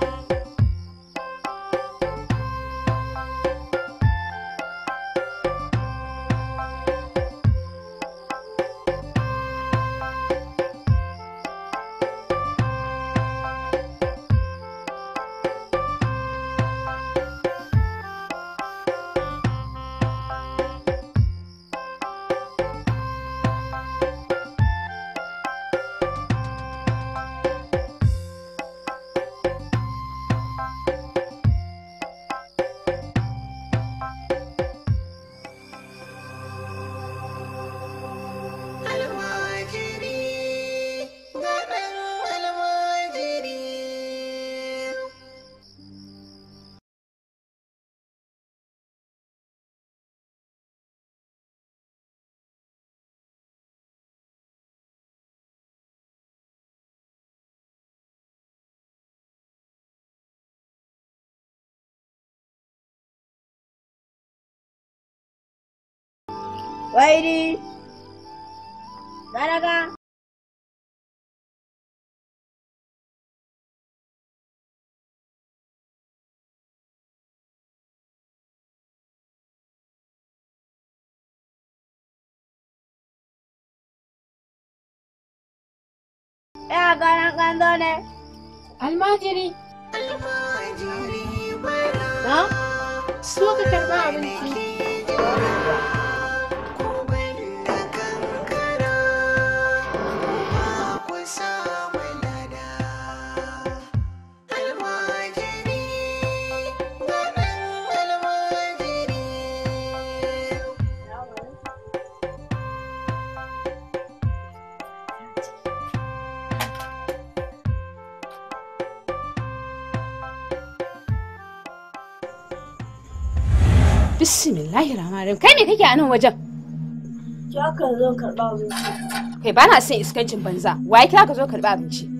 Thank you. Ladies, talaga Yeah, ganan gando Almajiri. Almajiri bara. Na? So ka karɓa Bismillahi rahmanir kai ne kake a nan wajen? Ya kan zo karɓa abinci. Kai ba na son iskancin banza. Waye kira ka zo karɓa abinci?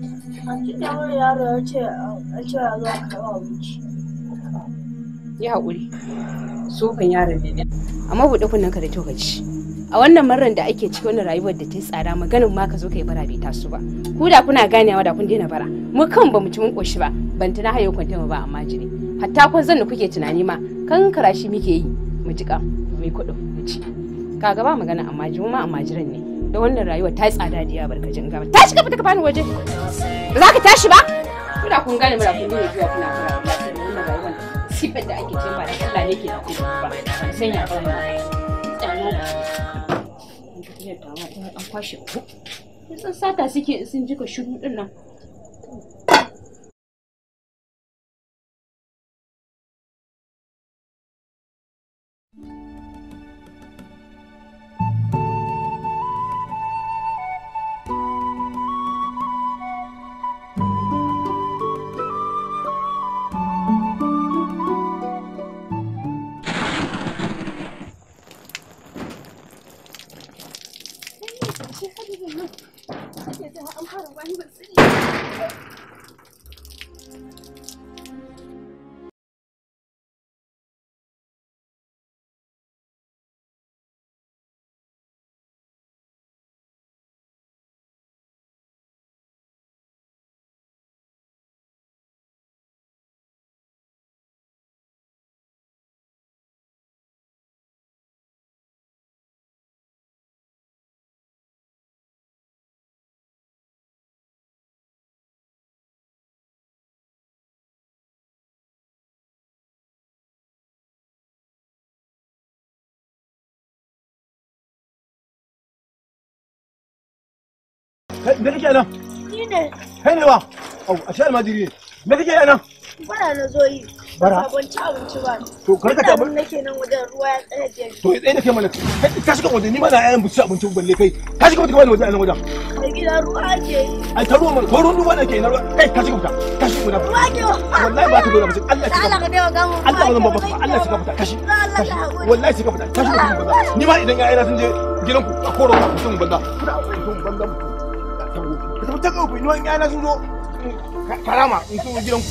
An cikin ɗan yaro ya ce an ce ya zo karɓa abinci. Yi haƙuri. Sufan yaron ne. Amma buɗe kunnen ka da kyau ka ci. A wannan marar da ake ciki wannan rayuwar da ta yi tsada maganin ma ka zo ka yi bara bai taso ba. Ku da kuna ganewa da kun daina bara. Mu kan ba mu ci mun ƙoshi ba. Ban tana hayo kwantama ba amma jini. Hatta kun zan da kuke tunani ma kan karashi muke yi mu jiƙa mu yi kuɗin mu ci kaga ba magana amma ji ma amma jiran ne da wannan rayuwa ta yi tsada da yawa barkacin gaba tashi ka fita ka bani waje ba za ka tashi ba kuna kun gane mura kun ne zuwa kuna fara sifar da ake ce ba da Allah ne ke da ku ba san ya ba mu tsano an kwashe ku sun sata suke sun jika shiru din nan Me kake nan? Ni ne. Kai ne wa? Au, a ce almajiri ne. Me kake nan? Bara na zo yi. Bara? Abinci abinci ba. To kar ka tabbata. nake nan wajen ruwa ya tsaya jiya. To ya tsaye da kai mana. Kai ka shiga wajen ni ma na yayin buci abinci balle kai. Ka shiga wajen wajen nan wajen. Ai gida ruwa ake. Ai ta ruwa mana. Ko ruwan ruwa nake na ruwa. Kai ka shiga fita. Ka shiga fita. Ruwa ake. Wallahi ba ka dole ba. Allah ya Allah ka dawo gamu. Allah ba zan babba. Allah ya shiga fita. Kashi. Wallahi shiga fita. Kashi. Ni ma idan ya'ina sun je gidanku a koro mutum banza. Kuna mutum banza. tengah pun, nuan ngan asu tu. Karama, itu lagi dong.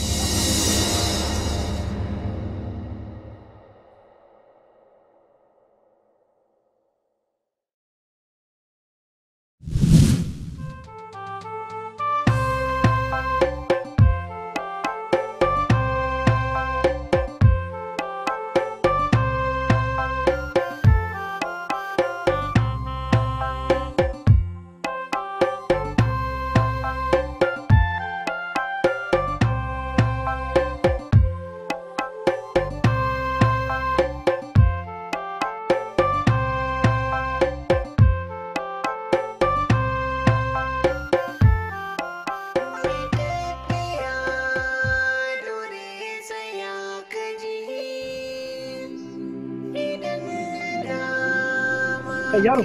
kai yaro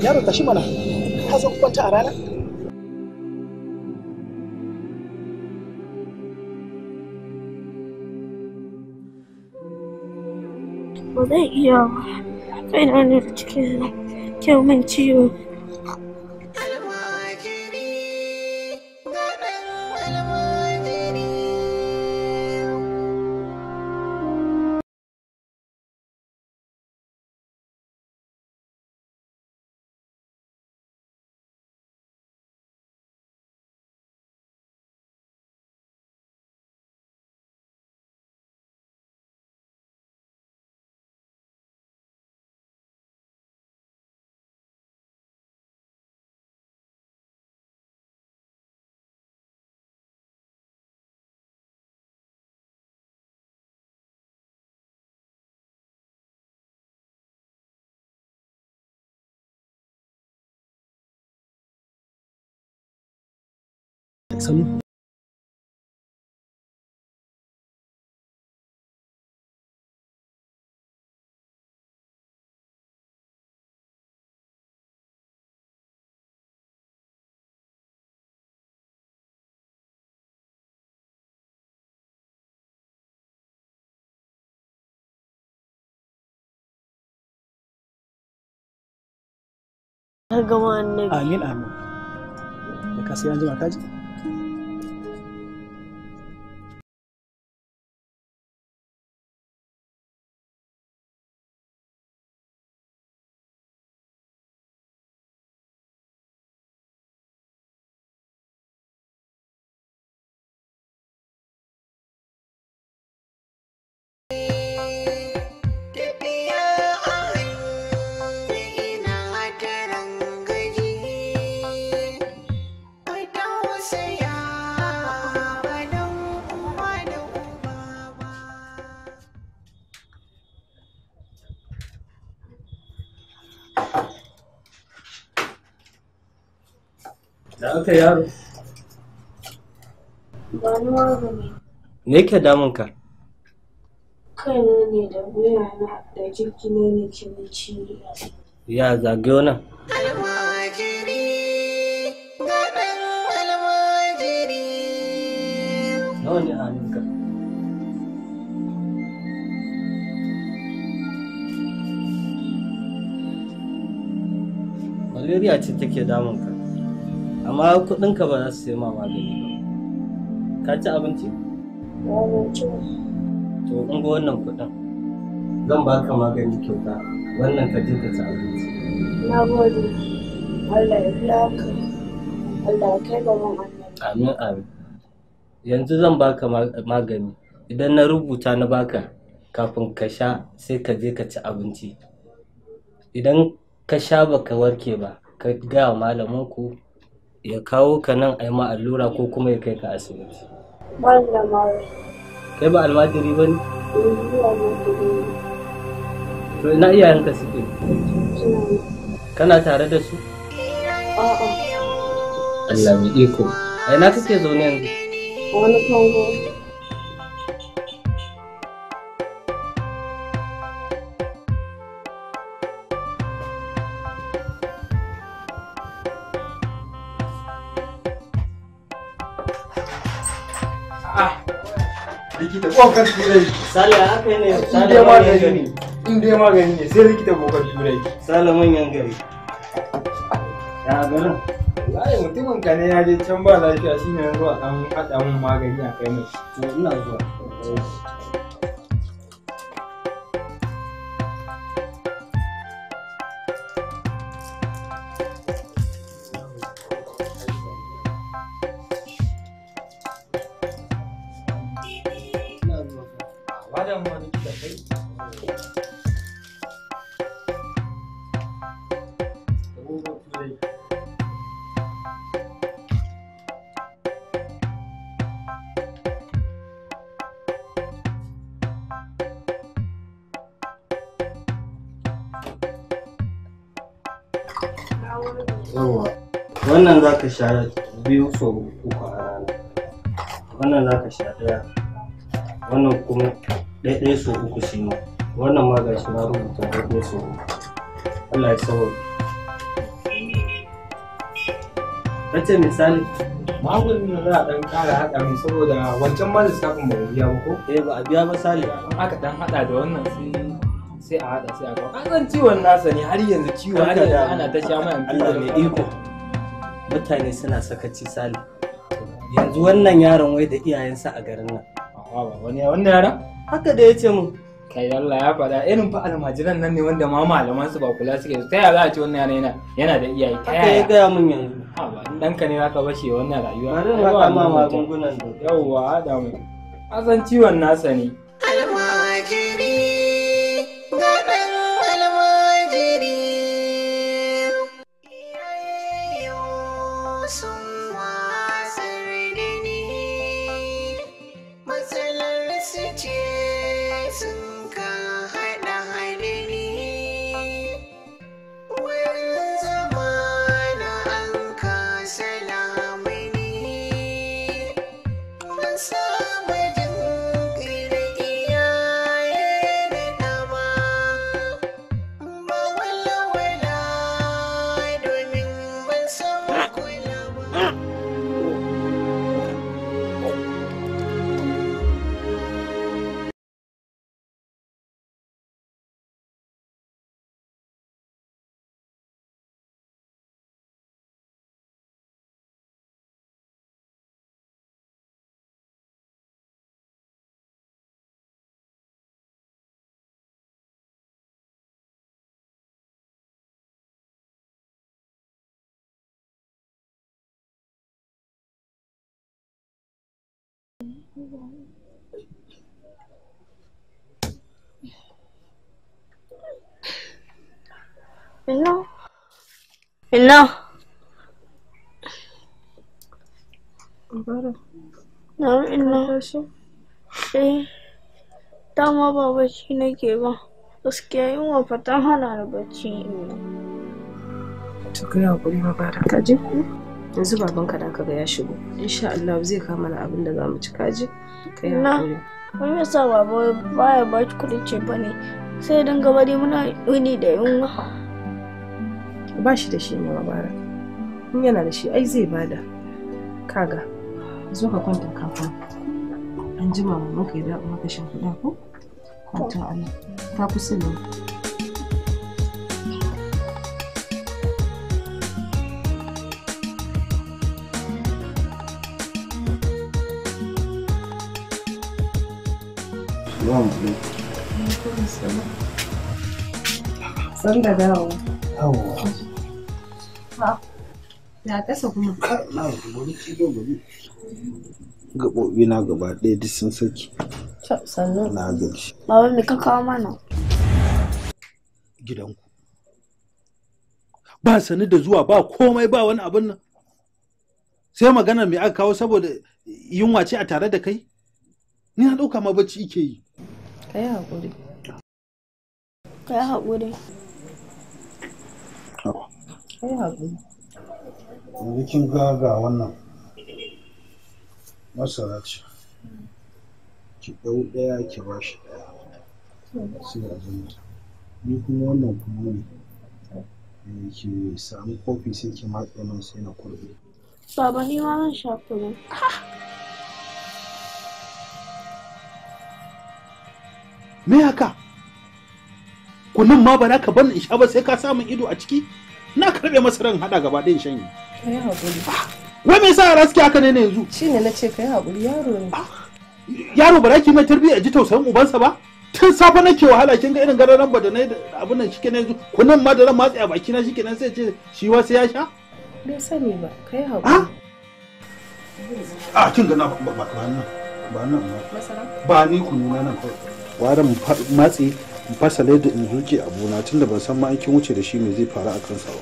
yaro tashi mana ka zo kwanta a rana ba zai iya ba kai na ne cikin kyau min ciwo eso, ¿no? Gawaan ni. Angin amu. Terima kasih anjing akaj. haka yaro ba nuwa ba ne me yake damun ka kaina ne da wuya na da jikina ne ke mai ciwo ya zage wannan nawa ne a hannunka malaria ce take damunka amma kuɗinka ba za su sai ma magani ba ka ci abinci? to in ga wannan kuɗin zan baka magani kyauta wannan ka je ci abinci na gode Allah ya biya ka Allah ya kai ga mun amin amin yanzu zan baka magani idan na rubuta na baka kafin ka sha sai ka je ka ci abinci idan ka sha baka warke ba ka gaya malamin ku ya kawo ka nan a yi ma allura ko kuma ya kai ka asibiti kai ba almajiri ba ne to ina iyayenka suke kana tare da su Allah mai iko a ina kake zaune yanzu wani kango bokar turai sale haka ne sale magani ne in dai magani ne sai likita bokar turai sale manyan gari ya garin mutumin ka ne ya je can ba lafiya shine yanzu a dan haɗa mun magani a kai mai. To ina zuwa. sha biyu so uku a rana wannan za ka sha ɗaya wannan kuma ɗaiɗai so uku shi ne. wannan ma ga shi na rubuta ɗaiɗai so uku Allah ya sauwa kace misali magunin za a ɗan ƙara haɗa min saboda wancan ma lissafin ba biya ba ko eh ba a biya ba sali aka ɗan haɗa da wannan sai sai a haɗa sai a kawo an ciwon nasa ne har yanzu ciwon har yanzu ana ta sha mai Allah mai iko mutane suna sakaci sali yanzu wannan yaron wai da iyayensa a garin nan wani wannan yaron haka da ya ce mu kai Allah ya faɗa irin fa almajiran nan ne wanda ma malaman su ba kula suke ta yaya za a ce wannan yaron yana yana da iyaye ta yaya ya gaya mun yanzu dan ka ne zaka bace wannan rayuwa bari na kama magungunan da yawwa da mu asan ciwon nasa ne Hello? Hello? Hello. ina. Eh. Dama ba bacci nake ba. Gaskiya yunwa fatan hana ni bacci ina. Tukuna hakuri ba bara. Ka yanzu baban da aka ga ya shigo insha Allah zai kama na abin da zamu ci kaji kai na mun yasa baba baya ba ki kudin ce bane sai dan gaba dai muna wuni da yunwa ba shi da shi ne babara in yana da shi ai zai bada kaga zo ka kwanta kafin an jima mu muka yi da maka shimfiɗa ko kwanta Allah ta kusa ne Assalamu alaikum. San da dawo. Yawwa. Ya kasa kuma. Na gobe ki zo gobe. Gaɓoɓi na gaba ɗaya duk sun saki. Sannan. Na gaji. Baba me ka kawo mana? Gidanku. Ba sani da zuwa ba komai ba wani abin nan. Sai maganar me aka kawo saboda yunwa ce a tare da kai? Ni na ɗauka ma bacci ike yi. ka yi haƙuri ka yi haƙuri wannan masara ce ki ɗau ɗaya ki ba shi ɗaya sai a zama ni kuma wannan eh, ki samu kofi sai ki matse min na Baba ni ma zan sha me haka kunun ma ba na ka bani in sha ba sai ka samun ido a ciki na karbe masa ran hada gaba ɗayan shan yi wai me yasa yara suke haka ne yanzu shine na ce kai haƙuri yaro ne yaro ba za ki mai tarbiyya ji tausayin ubansa ba tun safe nake wahala kin ga irin gararan ba da na abin nan shike ne kunun ma da ran matsi a baki na shike nan sai ce shi wa sai ya sha bai sani ba kai haƙuri a kin ga na ba ba ba ni ƙwarar matsi in fasa da in zuke abuna tunda ban san ma'aikin wuce da shi mai zai faru a kansa ba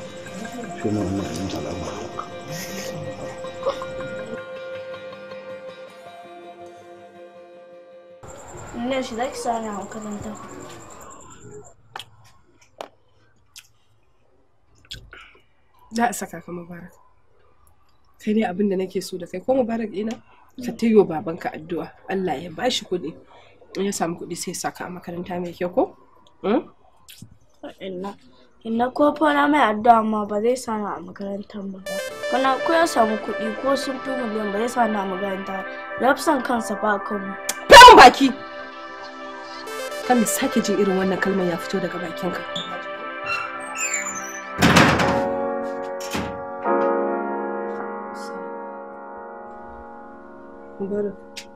shi ne wannan abin Ina a saka ka Mubarak. Kai ne abin nake so da kai ko Mubarak ina ka tayo babanka addu'a Allah ya bashi kuɗi. in ya samu kuɗi sai saka a makaranta mai kyau ko hmm? inna inna ko fara mai addu'a ma ba zai samu a makarantar ba kana ko ya samu kuɗi ko sun fi miliyan ba zai samu a makaranta rafsan kansa ba kan mu baki kan sake jin irin wannan kalmar ya fito daga bakinka Mubarak.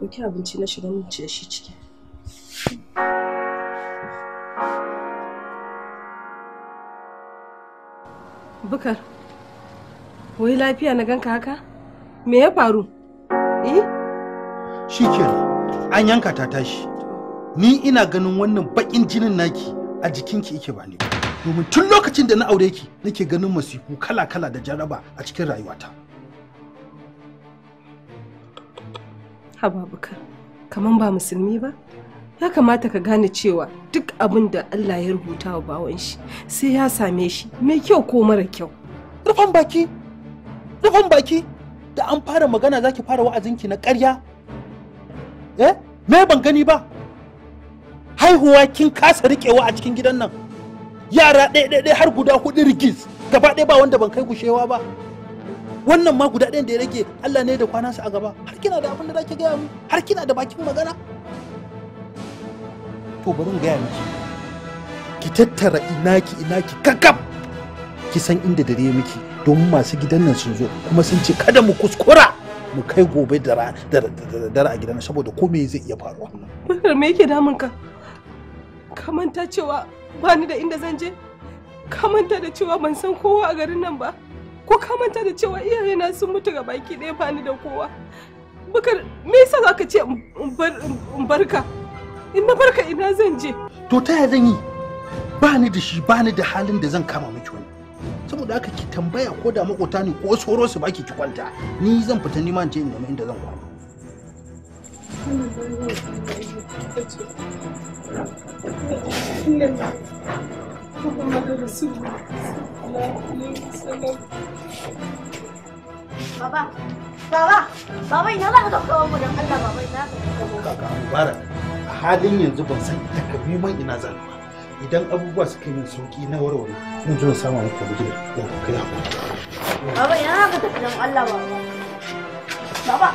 ɗauki abinci na shiga mun ci da shi ciki bukar wai lafiya na ganka haka me ya faru eh shi an yanka ta tashi ni ina ganin wannan bakin jinin naki a jikinki yake ba ne domin tun lokacin da na aure ki nake ganin masifu kala-kala da jaraba a cikin rayuwata hababuka kaman ba musulmi ba ya kamata ka gane cewa duk abin da Allah ya rubuta wa bawan shi sai ya same shi mai kyau ko mara kyau rufan baki rufan baki da an fara magana zaki fara wa'azinki na ƙarya eh me ban gani ba haihuwa kin kasa riƙewa a cikin gidan nan yara ɗaya ɗaya har guda hudu rigis gaba ɗaya ba wanda ban kai gushewa ba wannan ma guda ɗayan da ya rage Allah ne da kwanansa a gaba har kina da abin da zaki gaya mu har kina da bakin magana to bari mu gaya miki ki tattara inaki inaki ina ki san inda dare miki domin masu gidan nan sun zo kuma sun ce kada mu kuskura mu kai gobe da dare a gidan saboda komai zai iya faruwa bakar me yake damun ka ka manta cewa bani da inda zan je ka manta da cewa ban san kowa a garin nan ba ko ka manta da cewa iyayena sun mutu ga baki ɗaya ba ni da kowa bukar me yasa za ka ce in barka in na barka ina zan je to ta zan yi ba ni da shi ba ni da halin da zan kama miki wani saboda haka ki tambaya ko da makota ne ko tsoro su baki ki kwanta ni zan fita ni ma in je in inda zan kwana Thank you. baba baba الله صلى الله baba ina za ka dauka wa mudan Allah baba ina ka kaka mubarak a halin yanzu ban san takamaiman ina zan ba idan abubuwa suka yi sauki na warware zan zo na sama maka da kai baba ina za ka tafi Allah baba baba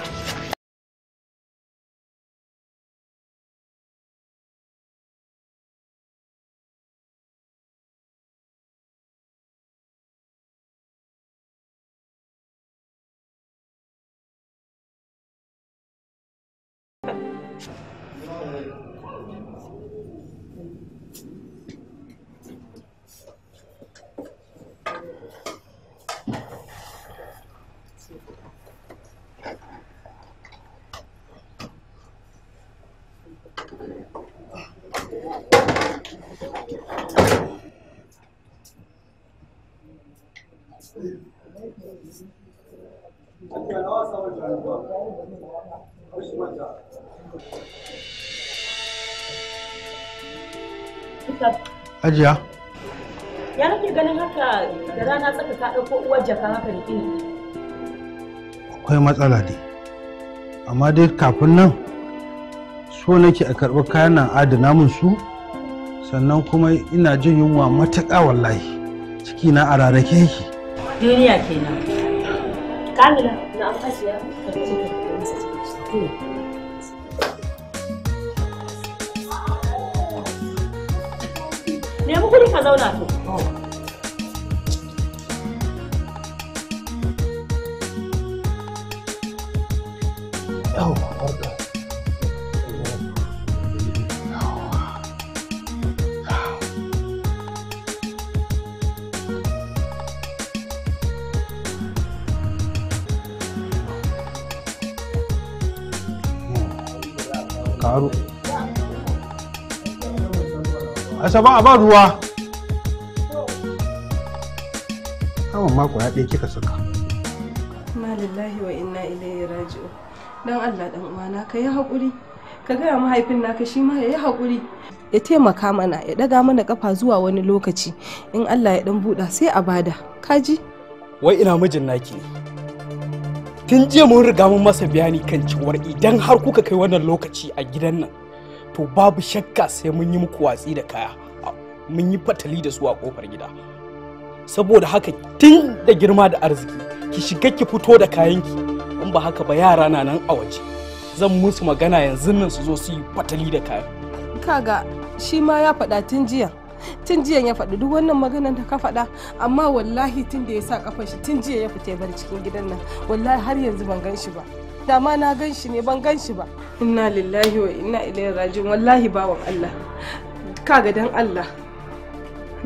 Ajiya. Ya nake ganin haka da rana tsaka ka ɗauko uwar jaka haka da kini. Akwai matsala dai. Amma dai kafin nan so nake a karɓi kayan nan adana mun su sannan kuma ina jin yunwa mataka wallahi ciki na a rarrake yake. Duniya kenan. Kamila na amfashiya ka ce ka muero kuɗi ka zauna to ba a ba ruwa kawon mako ya ɗaya kika saka inna lillahi wa inna ilaihi raji'u dan Allah dan uwana ka yi haƙuri ka gaya mahaifin ka shi ma ya yi haƙuri ya taimaka mana ya ɗaga mana ƙafa zuwa wani lokaci in Allah ya ɗan buɗa sai a bada kaji wai ina mijin naki tun jiya mun riga mun masa bayani kan cewar idan har kuka kai wannan lokaci a gidan nan to babu shakka sai mun yi muku watsi da kaya mun yi fatali da su a kofar gida saboda haka tun da girma da arziki ki shiga ki fito da kayanki in ba haka ba yara na nan a waje zan musu magana yanzu nan su zo su yi fatali da kayan kaga shi ma ya faɗa tun jiya tun jiya ya faɗi duk wannan maganar da ka faɗa amma wallahi tun da ya sa kafar shi tun jiya ya fita ya bar cikin gidan nan wallahi har yanzu ban gan shi ba dama na gan shi ne ban gan shi ba inna lillahi wa inna ilaihi raji'un wallahi bawan Allah kaga dan Allah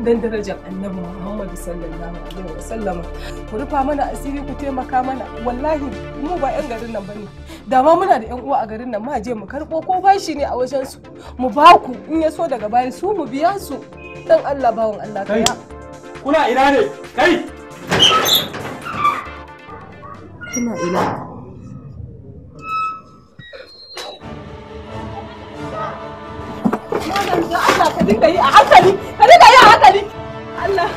dan darajar annabi Muhammadu sallallahu alaihi wa sallama ku rufa mana asiri ku taimaka mana wallahi mu ba yan garin nan bane da ma muna da yan uwa a garin nan ma je mu karbo ko bashi ne a wajen su mu ba ku in ya so daga baya su mu biya su dan Allah bawon Allah kai kuna ina ne kai kuna ina Allah ka dinga yi a hankali ka dinga yi Allah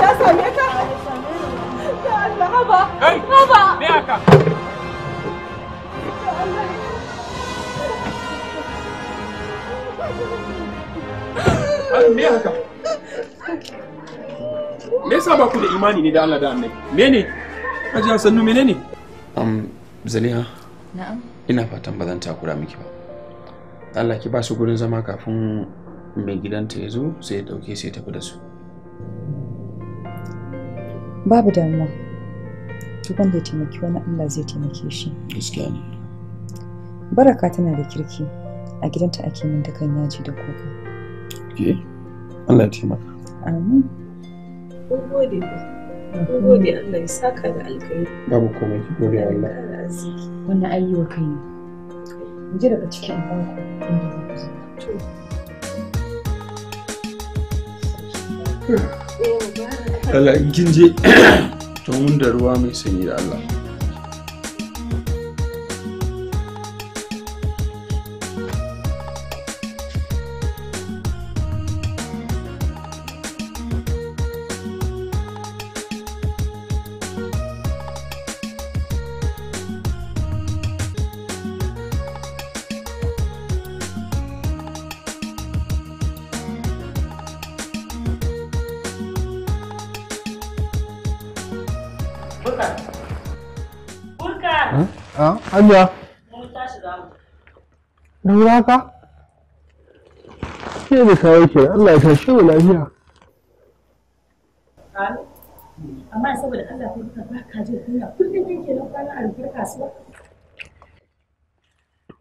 ya same ka ya Allah haba haba me haka Me haka? Me yasa ba ku da imani ne da Allah da Annabi? Me ne? Ajiya sannu ne? Um, Zaliha. Na'am. Ina fatan ba zan takura miki ba. Allah ki ba su gurin zama kafin mai gidanta ya zo sai ya dauke sai ya tafi da su. babu damuwa duk wanda ya taimaki wani Allah zai taimake shi gaskiya ne baraka tana da kirki a gidanta ake min dukan yaji da kuka ke Allah ya taimaka amin mun gode mun gode Allah ya saka da alkhairi babu komai ki gode Allah wannan ayyuka kai ne mu je daga cikin banku inda zai zo to eh Allah in kin je tun da ruwa mai sanyi da Allah Bukar. Bukar. Ah, Hajiya. Mun tashi za mu. Daura ka? Ke da kawo ke Allah ya tashi mu lafiya. Amma saboda Allah ko ka ba ka je kunya kullum kake nan kwana a rufe kasuwa.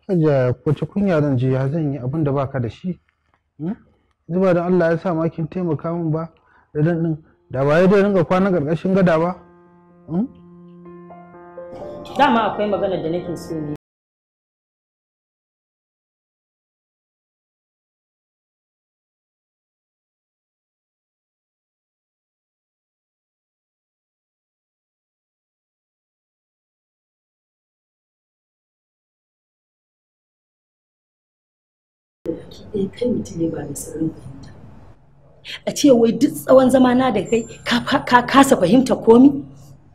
Hajiya wace kunya zan je ya zan yi abinda da baka da shi? Hmm? Zuba da Allah ya sa makin taimaka min ba da dan din da ba ya dai ringa kwana ƙarƙashin gada ba. Hmm? dama akwai magana da nake so ne a ce wai duk tsawon zamana da kai ka kasa fahimta komi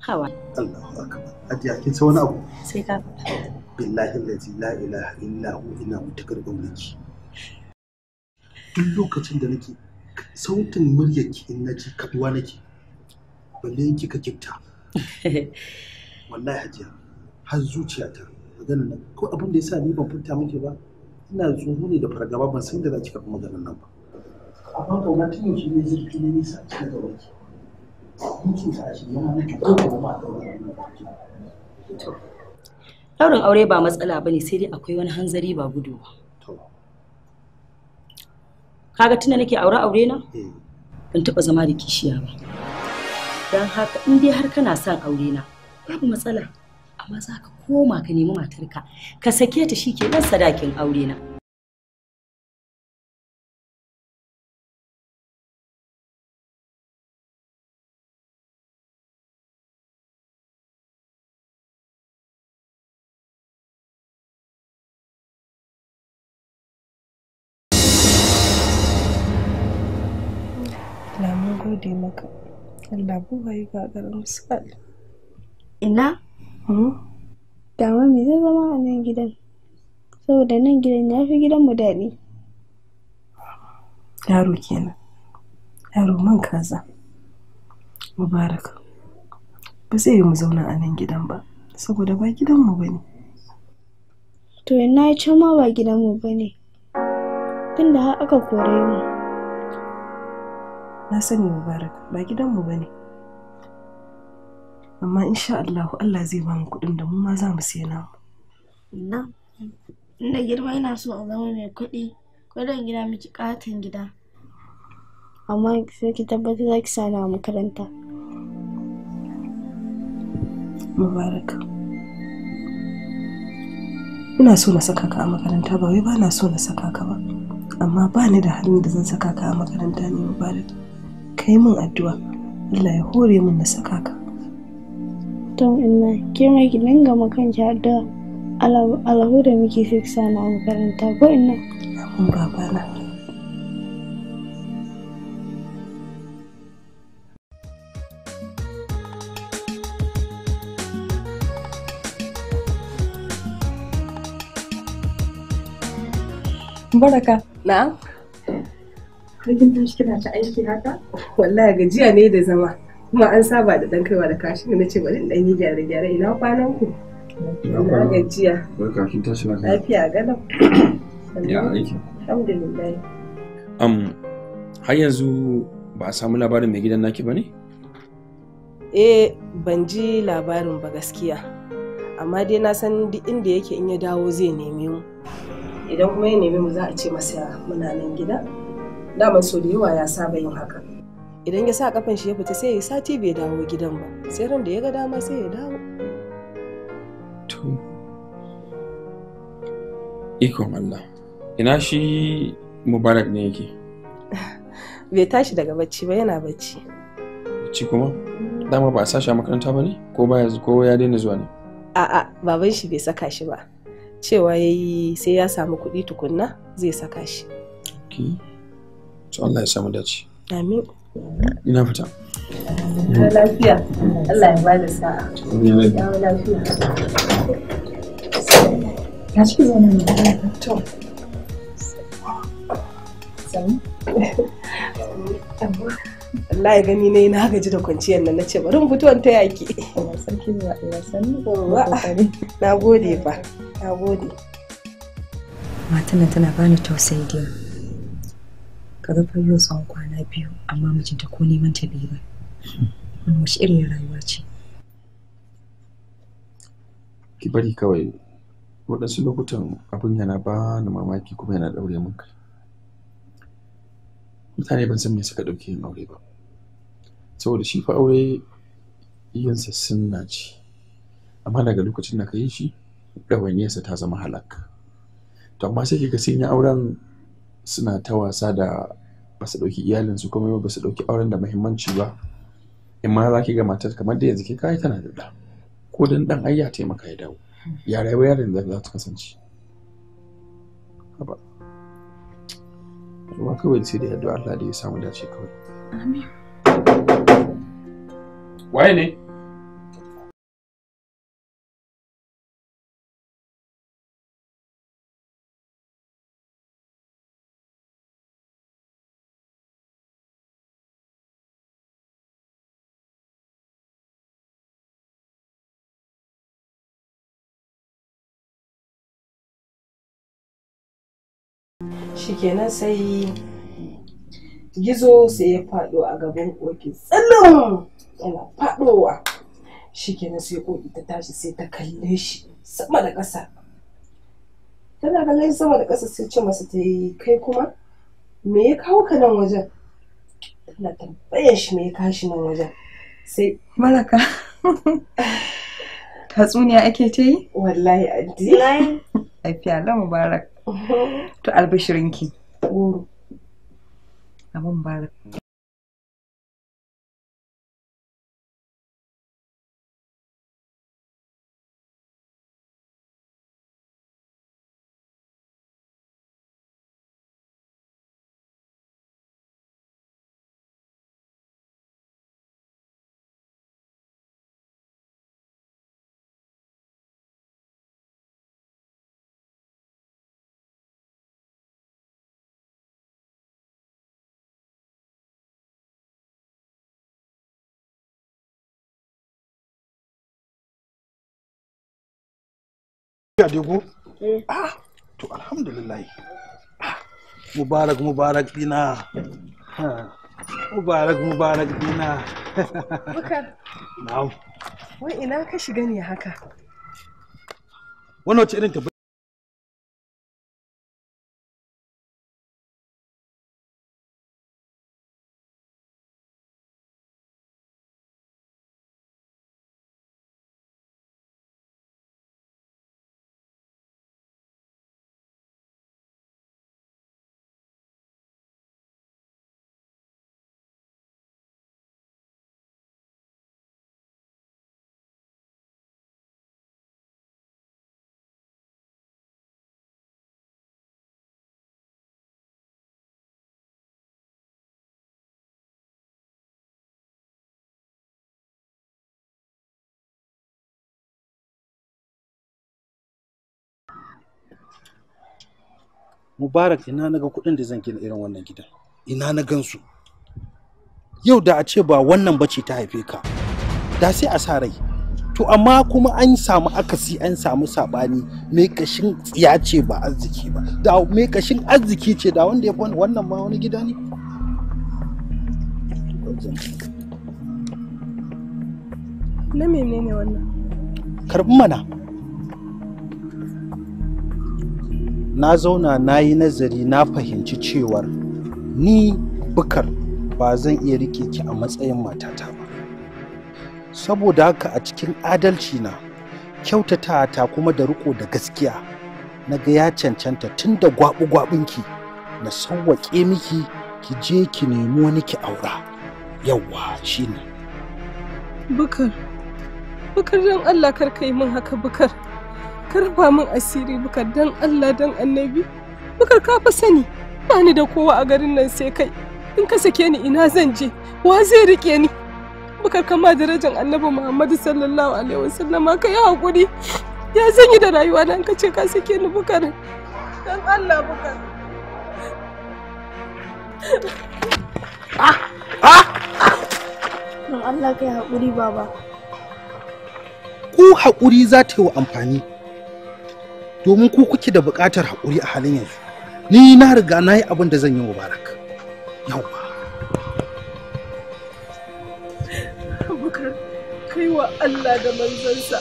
hawa Allahu akbar hajiya kin san wani abu sai ka faɗa billahi allazi la ilaha illa hu ina mutakar gwamnati duk lokacin da nake sautin muryarki in na ji kaduwa nake balle in kika kifta wallahi hajiya har zuciyata magana nan ko abin da ya sa ni ban furta muke ba ina tsoro ne da fargaba ban san da za ki karɓi maganar nan ba amma gwamnatin yanzu ne zirfi ne nisa cikin gaba ki Daurin aure ba matsala ba ne sai dai akwai wani hanzari ba gudu ba. Kaga tunda nake aure aure na? Eh. Ban taɓa zama da kishiya ba. Don haka in dai har kana son aure na babu matsala. Amma za ka koma ka nemi matarka ka sake ta shi ke sadakin aure na. Allah buwaye gagar misal. Ina? Hmm? Dama me zai zama a nan gidan? Saboda nan gidan ya fi gidan mu daɗi. Yaro kenan. Yaro man kaza. Mubarak. Ba zai yi mu zauna a nan gidan ba, saboda ba gidanmu ba ne. To, ina can ma ba gidanmu ba ne. Tunda har aka kore mu. na sani mubarak ba gidanmu ba ne amma insha Allah Allah zai ba mu kuɗin da mu ma za mu siya namu na inda girma ina so a zama mai kuɗi kuɗin gida miki katin gida amma sai ki tabbata za ki sana a makaranta mubarak ina so na saka ka a makaranta ba wai ba na so na saka ka ba amma ba ni da halin da zan saka ka a makaranta ne mubarak ka yi min addu'a Allah ya hore mun na saka ka to Allah ke mai ki dinga makan ki addu'a Allah da muke fiksa na makaranta ko ina amin na Baraka. Na'am. kai kin tashi ta aiki haka wallahi gajiya ne da zama kuma an saba da ɗan kaiwa da kashi na ce bari dan yi gyare gyare ina kwanan ku ina gajiya barka kin tashi lafiya lafiya galau ya aiki alhamdulillah am har yanzu ba a samu labarin mai gidan naki ba ne? eh ban ji labarin ba gaskiya amma dai na san duk inda yake in ya dawo zai neme mu idan kuma ya neme mu za a ce masa muna nan gida daman so da yawa ya saba yin haka idan ya sa kafan shi ya fita sai ya sati bai dawo gidan ba sai ran da ya ga dama sai ya dawo to ikon Allah ina shi mubarak ne yake bai tashi daga bacci ba yana bacci bacci kuma dama ba a sashi a makaranta ba ne ko baya ko ya daina zuwa ne a'a baban shi bai saka shi ba cewa yayi sai ya samu kuɗi tukunna zai saka shi okay. to Allah ya samu dace amin ina fita lafiya Allah ya bada sa'a ya lafiya ya ci zauna ne to Allah ya gani ne na gaji da kwanciyar nan nace bari mu fito ta yaki sarki ba ina sanni ba na gode fa na gode matana tana bani tausayi dai. kaga yau tsawon kwana biyu amma mijinta ko neman ta bai ba Amma wace irin rayuwa ce ki bari kawai waɗansu lokutan abin yana ba ni mamaki kuma yana ɗaure min kai mutane ban san me suka ɗauke yin aure ba saboda shi fa aure yinsa sunna ce amma daga lokacin da ka yi shi ɗawainiyarsa ta zama halak to amma sai ga sun yi auren suna ta wasa da ba su ɗauki iyalinsu kuma ba su ɗauki auren da muhimmanci ba in ma za ki ga matar kamar da yanzu ke kai tana da ɗa ko dan ɗan ayya taimaka ya dawo hmm. ya rayuwa yaron da za ta kasance haba kawai sai da yadda Allah da ya samu dace kawai amin waye ne shikenan sai gizo sai ya faɗo a gaban koki tsallon yana faɗowa shikenan sai koki ta tashi sai ta kalle shi sama da ƙasa tana kallon sama da ƙasa sai ce masa ta yi kai kuma me ya kawo ka nan wajen tana tambayar shi me ya kashi nan wajen sai malaka tatsuniya ake ta yi wallahi addini lafiya la mubarak to albishirinki goro abin ba Ya dego? Eh. Ah, to alhamdulillah. Ah, mubarak mubarak dina. Mubarak mubarak dina. Bukar. Na'am. Wai ina ka shiga ne haka? Wannan wace irin ta mubarak ina na ga kuɗin da zan gina irin wannan gidan ina na gansu yau da a ce ba wannan bace ta haife ka da sai a sa rai to amma kuma an samu akasi an samu sabani mai kashin ya ce ba arziki ba da mai kashin arziki ce da wanda ya fi wannan ma wani gida ne na menene wannan karbi mana na zauna na yi nazari na fahimci cewar ni bukar ba zan iya rike ki a matsayin matata ba saboda haka a cikin adalci na kyautata ta kuma da riko da gaskiya na ga ya cancanta tun da gwabu ki na sauwaƙe miki ki je ki nemi wani ki aura yawwa shine bukar bukar don allah kar ka min haka bukar ka raba min asiri bukar dan Allah dan annabi bukar ka fa sani ba ni da kowa a garin nan sai kai in ka sake ni ina zan je wa zai rike ni bukar kama darajar annabi Muhammadu sallallahu alaihi wasallam ka yi hakuri ya zan yi da rayuwa dan ka ce ka sake ni bukar dan Allah bukar ah ah ka Allah kai hakuri baba Ku hakuri za ta yi wa amfani domin ku kuke da buƙatar hakuri a halin yanzu ni na riga na yi abin da zan yi mubarak kai wa Allah da manzansa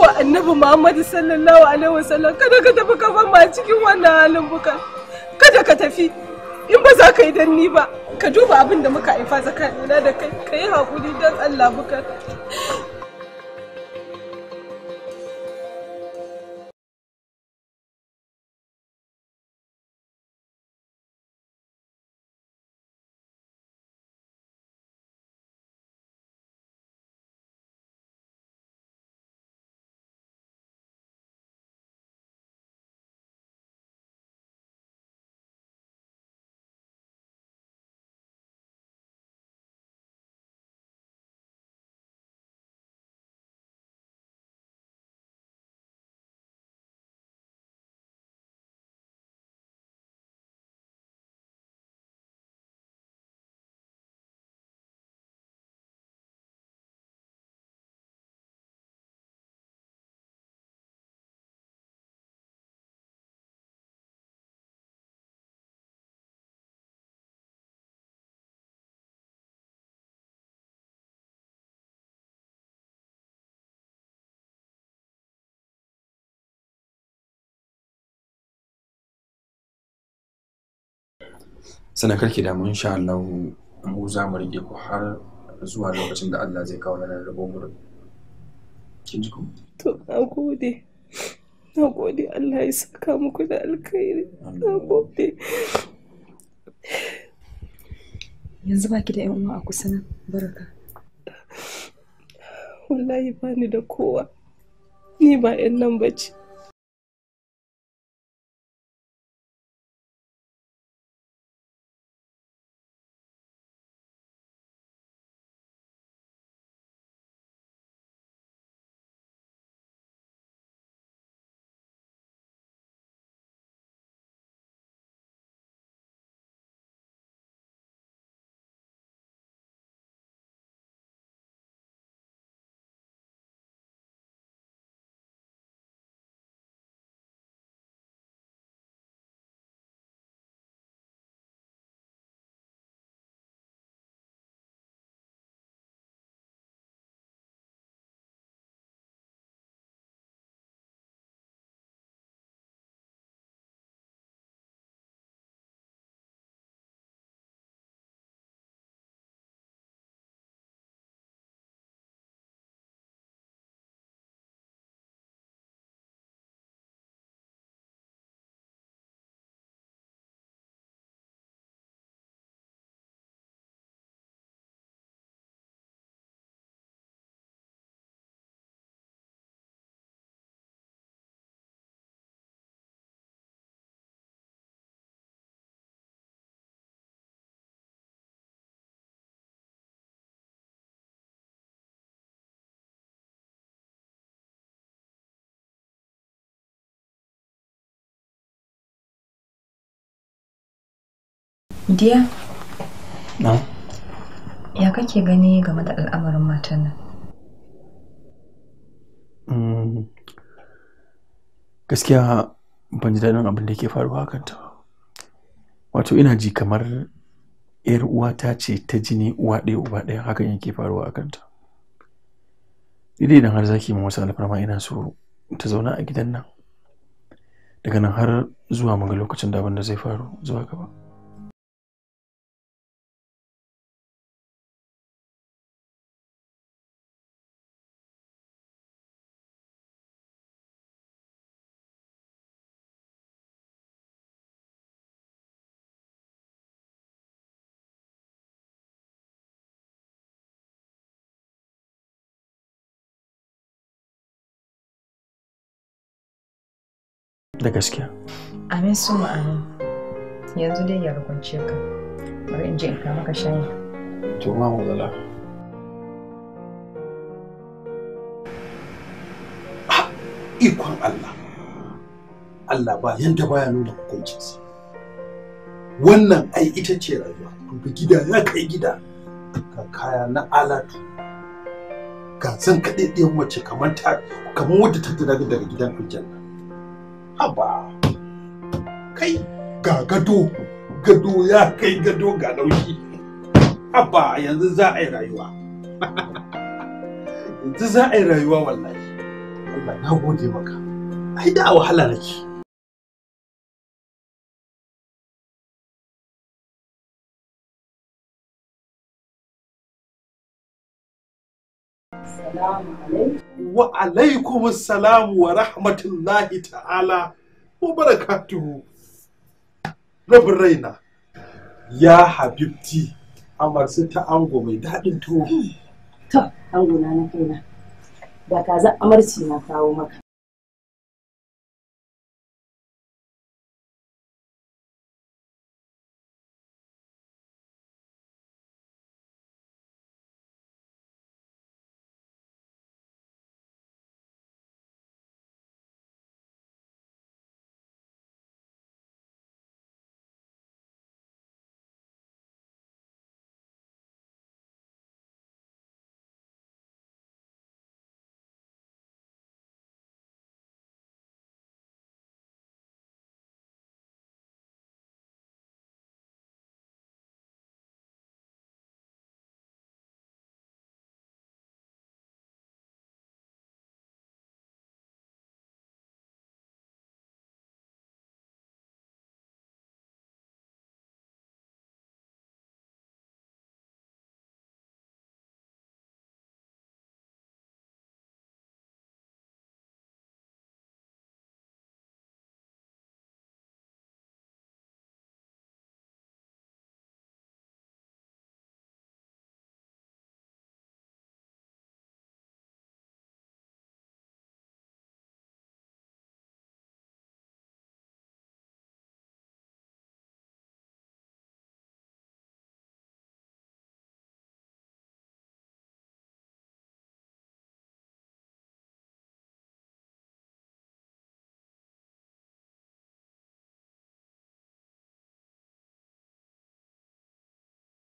wa annabi Muhammadu sallallahu alaihi wasallam kada ka tafi kafan ma cikin wannan halin buka kada ka tafi in ba za ka yi danni ba ka duba abin da muka haifa zakarina da kai ka yi haƙuri don Allah buka Sana karki da mun sha Allah mu za mu rike ku har zuwa lokacin da Allah zai kawo ranar rabo mu kin ji ku to na gode na gode Allah ya saka muku da alkhairi na gode yanzu ba ki da yan uwa a kusa nan baraka wallahi ba ni da kowa ni ba yan nan bace Diya? Na? Ya kake gani game da al'amarin matan nan? Mm. Gaskiya ban ji daɗin abin da ke faruwa kan ta Wato ina ji kamar ‘yar uwata ce ta jini uwa ɗaya uba ɗaya hakan yake faruwa a kanta. Idai idan har zaki ma wasu alfarma ina so ta zauna a gidan nan. Daga nan har zuwa muga lokacin da abin da zai faru zuwa gaba. da gaskiya amin su ma'ana yanzu dai ya rukunce ka bari in je in kama ka shayi to ma mu zala ikon Allah Allah ba yanda baya nuna hukuncinsa wannan ai ita ce rayuwa ka gida ya kai gida ka kaya na alatu ga zan kaɗe ɗayan mace kamar wadda ta daga gidan aljanna haba kai ga gado gado ya kai gado ga laushi haba yanzu za a yi rayuwa yanzu za a yi rayuwa wallahi Allah na gode maka ai da wahala nake Assalamu alaikum. wa alaikum salamu wa rahmatullahi ta'ala wa barakatuhu rabin raina ya habibti amarsu ta ango mai daɗin tuwo to ango na na kaina da kaza amarci na kawo maka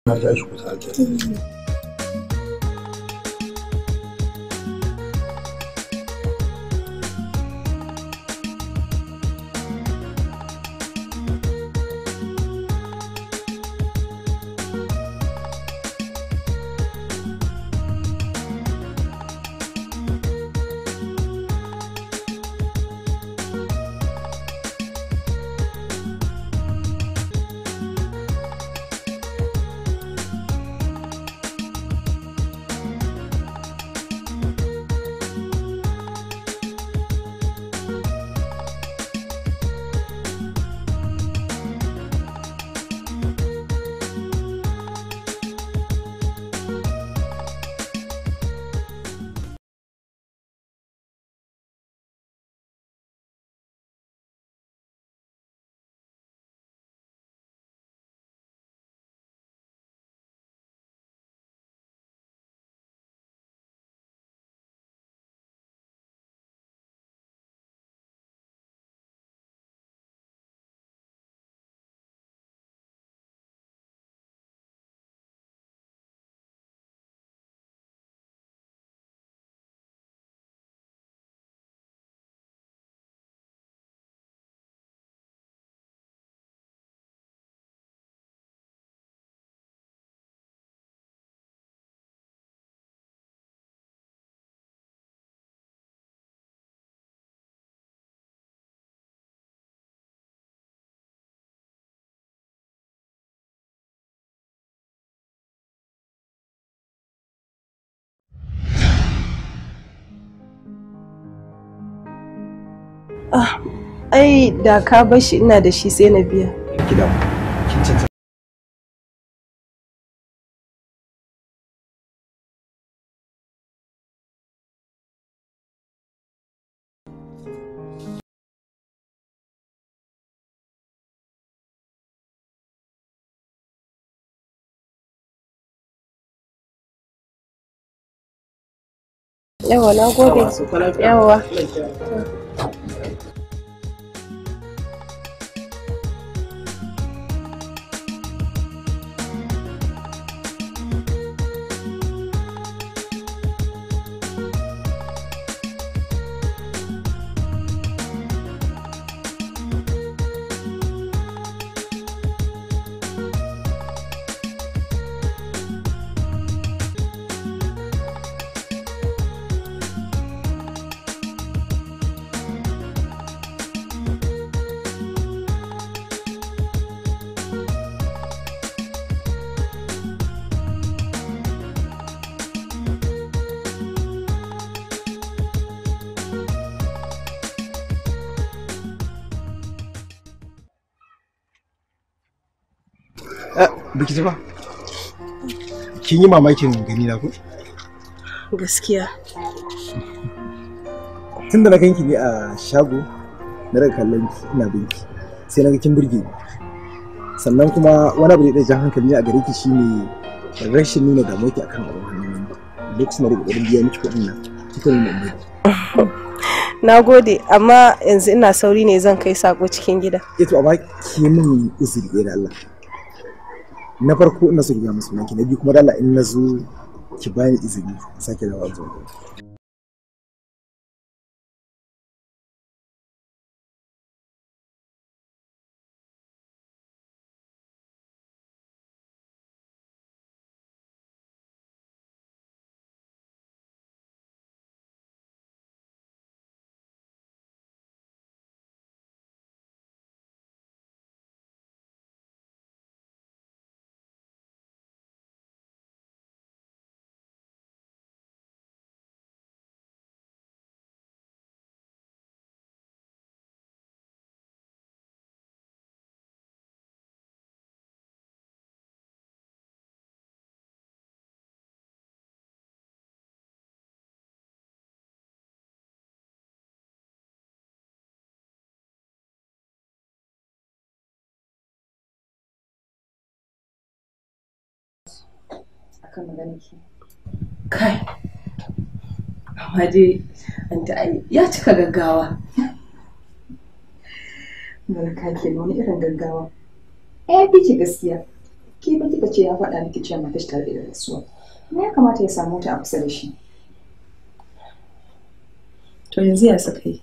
na tashi kusa Ah, ai da ka bashi ina da shi sai na biya. yawa na gobe yawa ji ba kin yi mamakin gani na ku gaskiya tun da na ganki ne a shago na daga kallon ki ina binki sai na ga kin burge ni sannan kuma wani abu da ya jan hankali a gare ki shine rashin nuna damuwa ki akan abin hannun lokacin da ƙoƙarin biya miki kuɗin nan kika nuna mai na gode amma yanzu ina sauri ne zan kai sako cikin gida eh to amma ki mun uzuri eh da Allah na farko ina so ki ga musu na biyu kuma dala in na zo ki bani izini sake dawo zuwa akan maganar kai amma dai an anta ya cika gaggawa barka ke wani irin gaggawa eh kike gaskiya ki ba kika ce ya faɗa miki cewa matar ta da rasuwa me ya kamata ya samu ta a kusa da shi to yanzu ya saka yi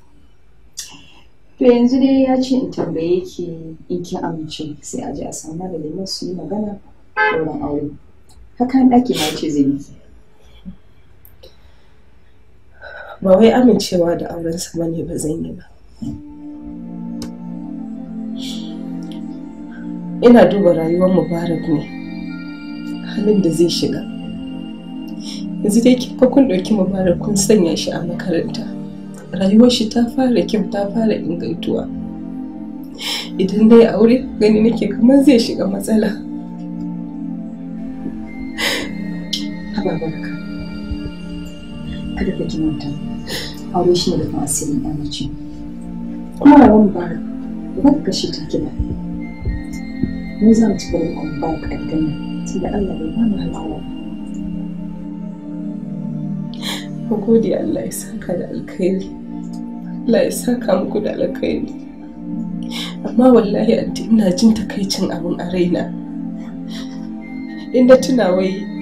to yanzu dai ya ce in tambaye ki in kin amince sai a je a samu da lemon su yi magana wurin aure hakan ɗaki na ce zai ba wai amincewa da auren sa bane ba zan yi ba ina duba rayuwar mubarak ne halin da zai shiga yanzu dai kifa kun ɗauki mubarak kun sanya shi a makaranta rayuwar shi ta fara kyau ta fara ingantuwa idan dai aure gani nake kamar zai shiga matsala albarka kada ka ji manta aure shi ne da asirin ya mace kuma rabon bara ba ka kashe ta kiba mu za mu ci gaba da kuma ba ka aljanna tunda Allah bai ba mu Allah ya saka da alkhairi Allah ya saka muku da alkhairi amma wallahi anti ina jin takaicin abin a raina inda tunawai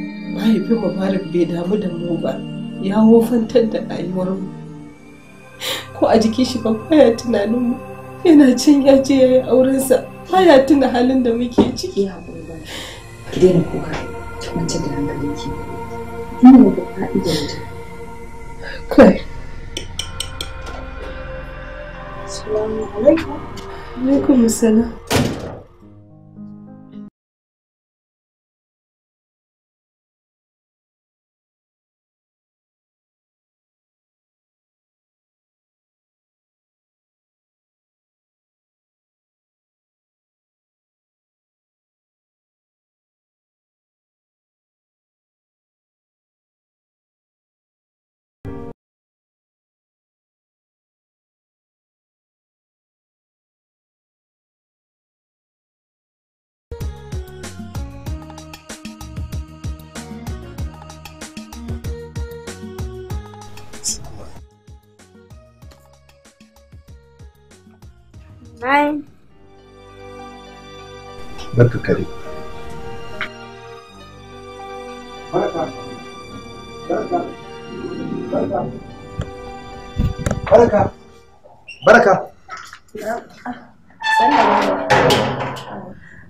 mahaifin mubarak bai damu da mu ba ya wofantar da rayuwarmu ko a jikin shi ba baya tunanin mu yana can ya je ya yi aurensa baya tuna halin da muke ciki haƙuri ba ki daina kuka ki kwance da hankalinki ina da fa'idar da kai Assalamu alaikum. Alaikum salam. Bye. Barka kare. Barka. Barka. Barka. Barka. Barka.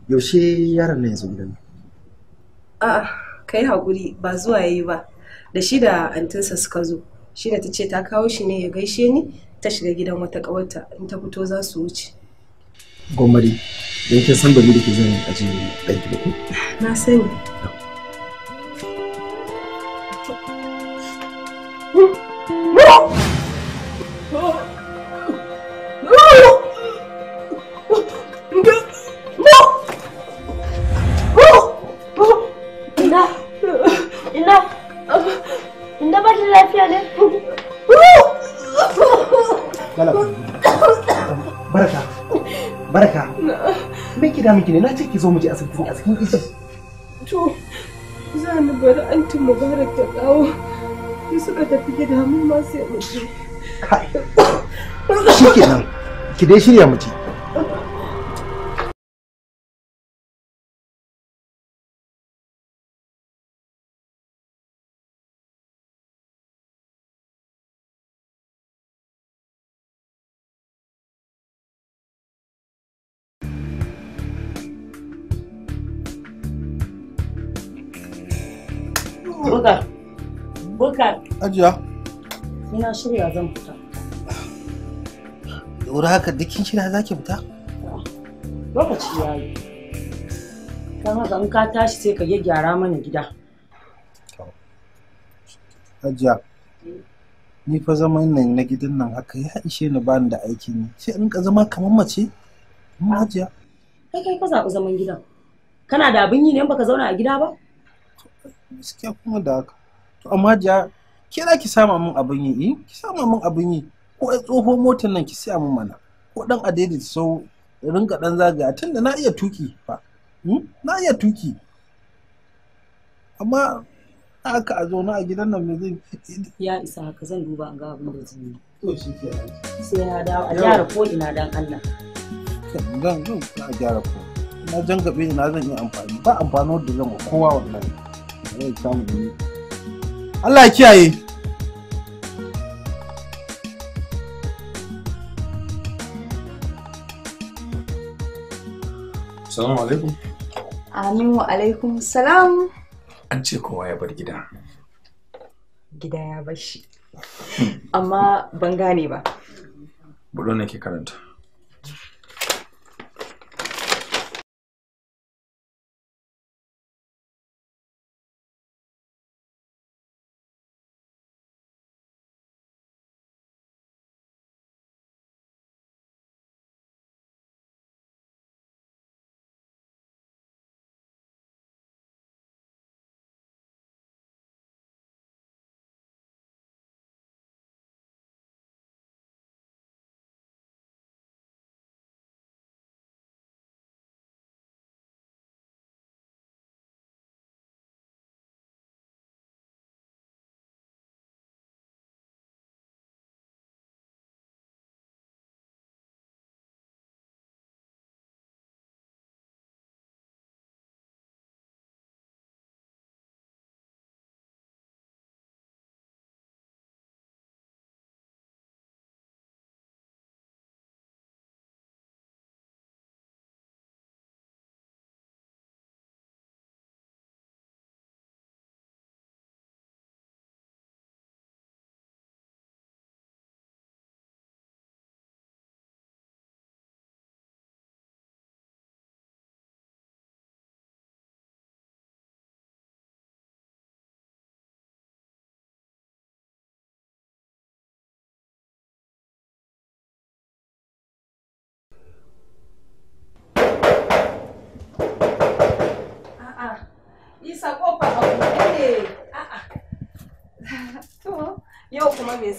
Yaushe yaron nan yanzu gidan? A'a, ah, kai haƙuri ba zuwa yi ba. Da shi da antinsa suka zo. Shi da ta ce ta kawo shi ne ya gaishe ni ta shiga gidan wata ƙawarta in ta fito za su wuce. gwamnati don kin san da mu da ke zan ajiye ɗanki ba ko? Na sani. ki zo muje asibiti a cikin ishi to za mu bar anti mubarak ta kawo ki suka tafi gida mun ma sai mu je shikenan ki dai shirya mu je Ajiya. Ina shirya zan fita. Lura haka dukkin shirya za ki fita? Lokaci ya yi. Kan haka in ka tashi sai ka gyara mana gida. Ajiya. Ni fa zaman nan na gidan nan haka ya ishe ni bani da aikin ne, Sai in ka zama kamar mace? Hm, Ajiya. Kai kai ka zaɓi zaman gidan. Kana da abin yi ne in baka zauna a gida ba? Gaskiya kuma da haka. To amma ja kira ki sama min abin yi eh, ki sama min abin yi ko tsoho motar nan ki siya mun mana ko dan adaidaita so rinka dan zaga tunda na iya tuki fa hmm? na iya tuki amma haka a zauna a gidan nan me zai ya isa haka zan duba an ga abin da zai yi to shi ke sai ya dawo a gyara ko ina dan Allah zan zan a gyara ko na jangabe ina zan yi amfani ba amfano da zan kowa wannan zai samu Allah kiyaye Salamu alaikum. Amin wa alaikum salam. An ce kowa ya bar gida. Gida ya bar shi. Amma ban gane ba. Bulo nake karanta.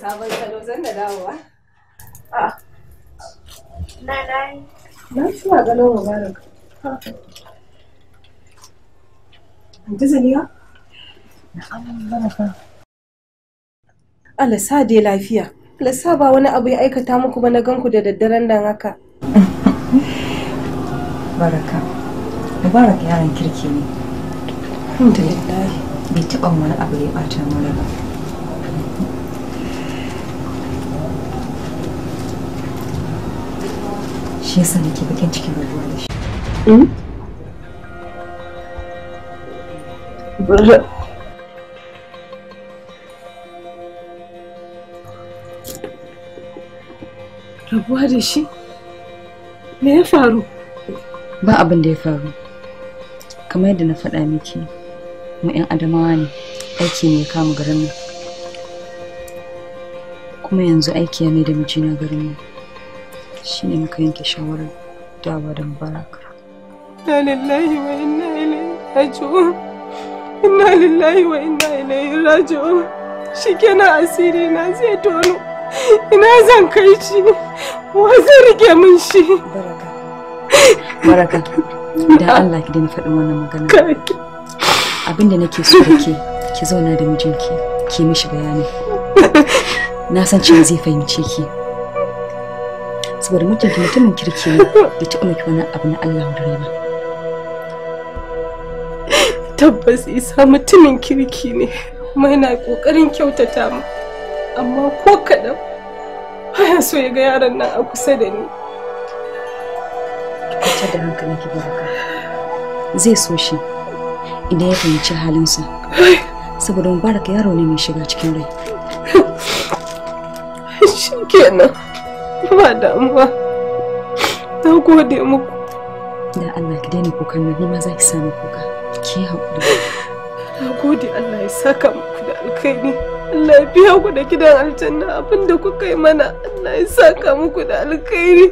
sabon salo zan da dawowa. Ah. Na dai. Na suna galo mubarak. Anti Zaliya? Na'am baraka. Allah sa dai lafiya. Allah sa ba wani abu ya aikata muku ba na ganku da daddaren dan haka. Baraka. Mubarak yaron kirki ne. Alhamdulillah. Bai taɓa wani abu ya ɓata mu ba. shi yasa nake bakin cikin da da shi hmm? ba abin da ya faru kamar yadda na faɗa miki adamawa ne aiki ne kuma yanzu aiki ya mai da mijina garin nan shi ne muka yanke shawarar dawa da baraka? inna lillahi wa inna ilaihi raji'un inna lillahi wa inna ilaihi raji'un shikenan asiri na zai tono ina zan kai shi wa zai rike min shi baraka baraka da Allah ki dani faɗin wannan magana abinda nake so da ke ki zauna da mijinki ki mishi bayani na san cewa zai fahimce ki saboda mijinta mutumin kirki ne ta taɓa ke wani abu na Allah wadare ba. Tabbas Isa mutumin kirki ne kuma yana ƙoƙarin kyautata mu amma ko kaɗan baya so ya ga yaron nan a kusa da ni. Ki da hankali ki baraka. Zai so shi idan ya fahimci halinsa. Saboda Mubarak yaro ne mai shiga cikin rai. Shi kenan. ba damuwa na gode muku da Allah ki daina kukan nan ma za ki sami kuka ki haƙuri na gode Allah ya saka muku da alkhairi Allah ya biya ku da gidan aljanna abinda kuka yi mana Allah ya saka muku da alkhairi